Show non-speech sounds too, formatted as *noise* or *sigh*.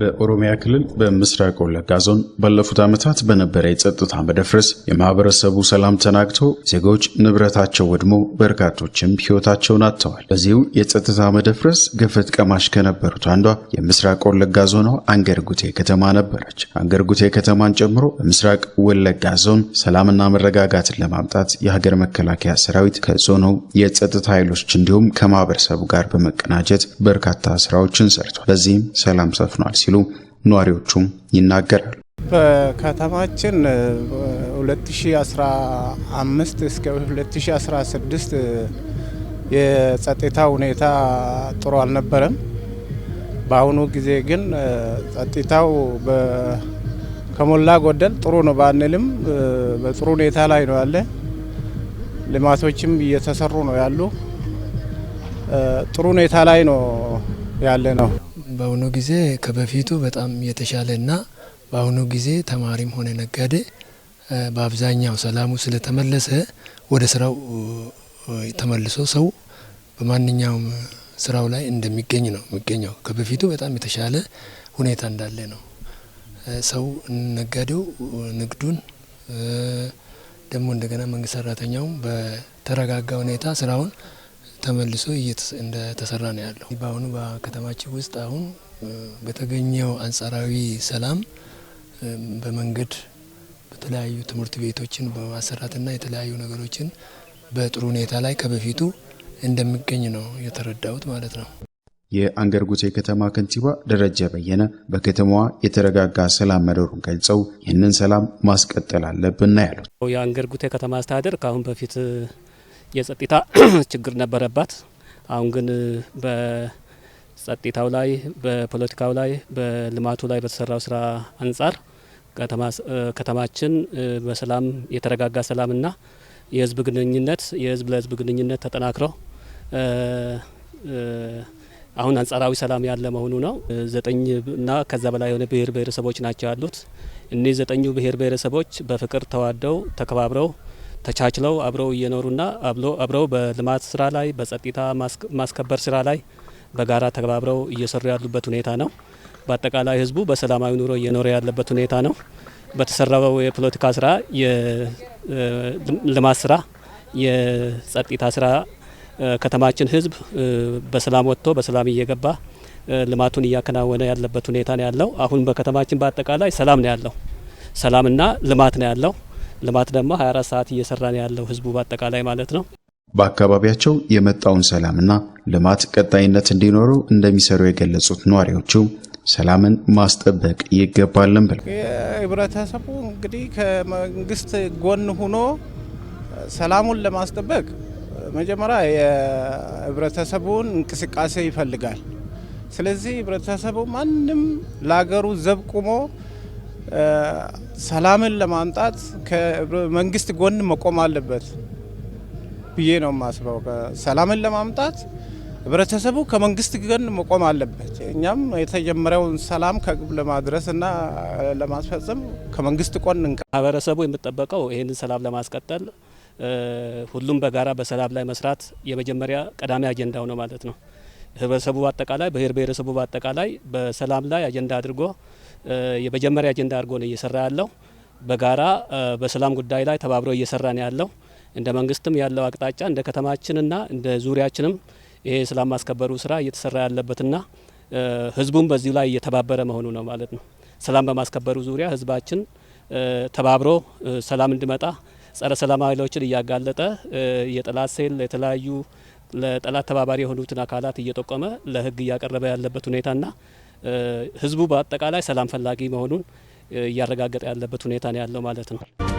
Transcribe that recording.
በኦሮሚያ ክልል በምስራቅ ወለጋ ዞን ባለፉት ዓመታት በነበረ የጸጥታ መደፍረስ የማህበረሰቡ ሰላም ተናግቶ ዜጎች ንብረታቸው ወድሞ በርካቶችም ሕይወታቸውን አጥተዋል። በዚሁ የጸጥታ መደፍረስ ገፈት ቀማሽ ከነበሩት አንዷ የምስራቅ ወለጋ ዞኗ አንገርጉቴ ከተማ ነበረች። አንገርጉቴ ከተማን ጨምሮ በምስራቅ ወለጋ ዞን ሰላምና መረጋጋትን ለማምጣት የሀገር መከላከያ ሰራዊት ከዞኑ የጸጥታ ኃይሎች እንዲሁም ከማህበረሰቡ ጋር በመቀናጀት በርካታ ስራዎችን ሰርቷል። በዚህም ሰላም ሰፍኗል ሲሉ ነዋሪዎቹ ይናገራሉ። በከተማችን 2015 እስከ 2016 የጸጥታ ሁኔታ ጥሩ አልነበረም። በአሁኑ ጊዜ ግን ጸጥታው ከሞላ ጎደል ጥሩ ነው ባንልም በጥሩ ሁኔታ ላይ ነው ያለ። ልማቶችም እየተሰሩ ነው ያሉ። ጥሩ ሁኔታ ላይ ነው ያለ ነው። በአሁኑ ጊዜ ከበፊቱ በጣም የተሻለ ና በአሁኑ ጊዜ ተማሪም ሆነ ነጋዴ በአብዛኛው ሰላሙ ስለተመለሰ ወደ ስራው ተመልሶ ሰው በማንኛውም ስራው ላይ እንደሚገኝ ነው የሚገኘው። ከበፊቱ በጣም የተሻለ ሁኔታ እንዳለ ነው። ሰው ነጋዴው ንግዱን ደግሞ እንደገና መንግስት ሰራተኛውም በተረጋጋ ሁኔታ ስራውን ተመልሶ እንደተሰራ ነው ያለው። በአሁኑ በከተማችን ውስጥ አሁን በተገኘው አንጻራዊ ሰላም በመንገድ በተለያዩ ትምህርት ቤቶችን በማሰራትና የተለያዩ ነገሮችን በጥሩ ሁኔታ ላይ ከበፊቱ እንደሚገኝ ነው የተረዳሁት ማለት ነው። የአንገር ጉቴ ከተማ ከንቲባ ደረጀ በየነ በከተማዋ የተረጋጋ ሰላም መኖሩን ገልጸው ይህንን ሰላም ማስቀጠል አለብን ነው ያሉት። የአንገር ጉቴ ከተማ አስተዳደር ከአሁን በፊት የጸጥታ *clears throat* ችግር ነበረባት። አሁን ግን በጸጥታው ላይ፣ በፖለቲካው ላይ፣ በልማቱ ላይ በተሰራው ስራ አንጻር ከተማችን በሰላም የተረጋጋ ሰላምና የህዝብ ግንኙነት የህዝብ ለህዝብ ግንኙነት ተጠናክረው አሁን አንጻራዊ ሰላም ያለ መሆኑ ነው። ዘጠኝ እና ከዛ በላይ የሆነ ብሔር ብሔረሰቦች ናቸው ያሉት። እኒህ ዘጠኙ ብሔር ብሔረሰቦች በፍቅር ተዋደው ተከባብረው ተቻችለው አብረው እየኖሩና አብረው በልማት ስራ ላይ በጸጥታ ማስከበር ስራ ላይ በጋራ ተባብረው እየሰሩ ያሉበት ሁኔታ ነው። በአጠቃላይ ህዝቡ በሰላማዊ ኑሮ እየኖረ ያለበት ሁኔታ ነው። በተሰራው የፖለቲካ ስራ፣ የልማት ስራ፣ የጸጥታ ስራ ከተማችን ህዝብ በሰላም ወጥቶ በሰላም እየገባ ልማቱን እያከናወነ ያለበት ሁኔታ ነው ያለው። አሁን በከተማችን በአጠቃላይ ሰላም ነው ያለው። ሰላምና ልማት ነው ያለው። ልማት ደግሞ 24 ሰዓት እየሰራን ያለው ህዝቡ በአጠቃላይ ማለት ነው። በአካባቢያቸው የመጣውን ሰላምና ልማት ቀጣይነት እንዲኖረው እንደሚሰሩ የገለጹት ነዋሪዎቹ ሰላምን ማስጠበቅ ይገባልን ብለው ህብረተሰቡ እንግዲህ ከመንግስት ጎን ሁኖ ሰላሙን ለማስጠበቅ መጀመሪያ የህብረተሰቡን እንቅስቃሴ ይፈልጋል። ስለዚህ ህብረተሰቡ ማንም ለሀገሩ ዘብ ቁሞ ሰላምን ለማምጣት ከመንግስት ጎን መቆም አለበት ብዬ ነው የማስበው። ሰላምን ለማምጣት ህብረተሰቡ ከመንግስት ጎን መቆም አለበት። እኛም የተጀመረውን ሰላም ከግብ ለማድረስ እና ለማስፈጸም ከመንግስት ጎን እንከ ማህበረሰቡ የሚጠበቀው ይህንን ሰላም ለማስቀጠል ሁሉም በጋራ በሰላም ላይ መስራት የመጀመሪያ ቀዳሚ አጀንዳው ነው ማለት ነው። ህብረተሰቡ በአጠቃላይ ብሔር ብሔረሰቡ በአጠቃላይ በሰላም ላይ አጀንዳ አድርጎ የመጀመሪያ አጀንዳ አድርጎ ነው እየሰራ ያለው። በጋራ በሰላም ጉዳይ ላይ ተባብሮ እየሰራ ነው ያለው። እንደ መንግስትም ያለው አቅጣጫ እንደ ከተማችንና እንደ ዙሪያችንም ይሄ ሰላም ማስከበሩ ስራ እየተሰራ ያለበትና ህዝቡም በዚሁ ላይ እየተባበረ መሆኑ ነው ማለት ነው። ሰላም በማስከበሩ ዙሪያ ህዝባችን ተባብሮ ሰላም እንዲመጣ ጸረ ሰላም ኃይሎችን እያጋለጠ የጠላት ሴል የተለያዩ ለጠላት ተባባሪ የሆኑትን አካላት እየጠቆመ ለህግ እያቀረበ ያለበት ሁኔታና ህዝቡ በአጠቃላይ ሰላም ፈላጊ መሆኑን እያረጋገጠ ያለበት ሁኔታ ነው ያለው ማለት ነው።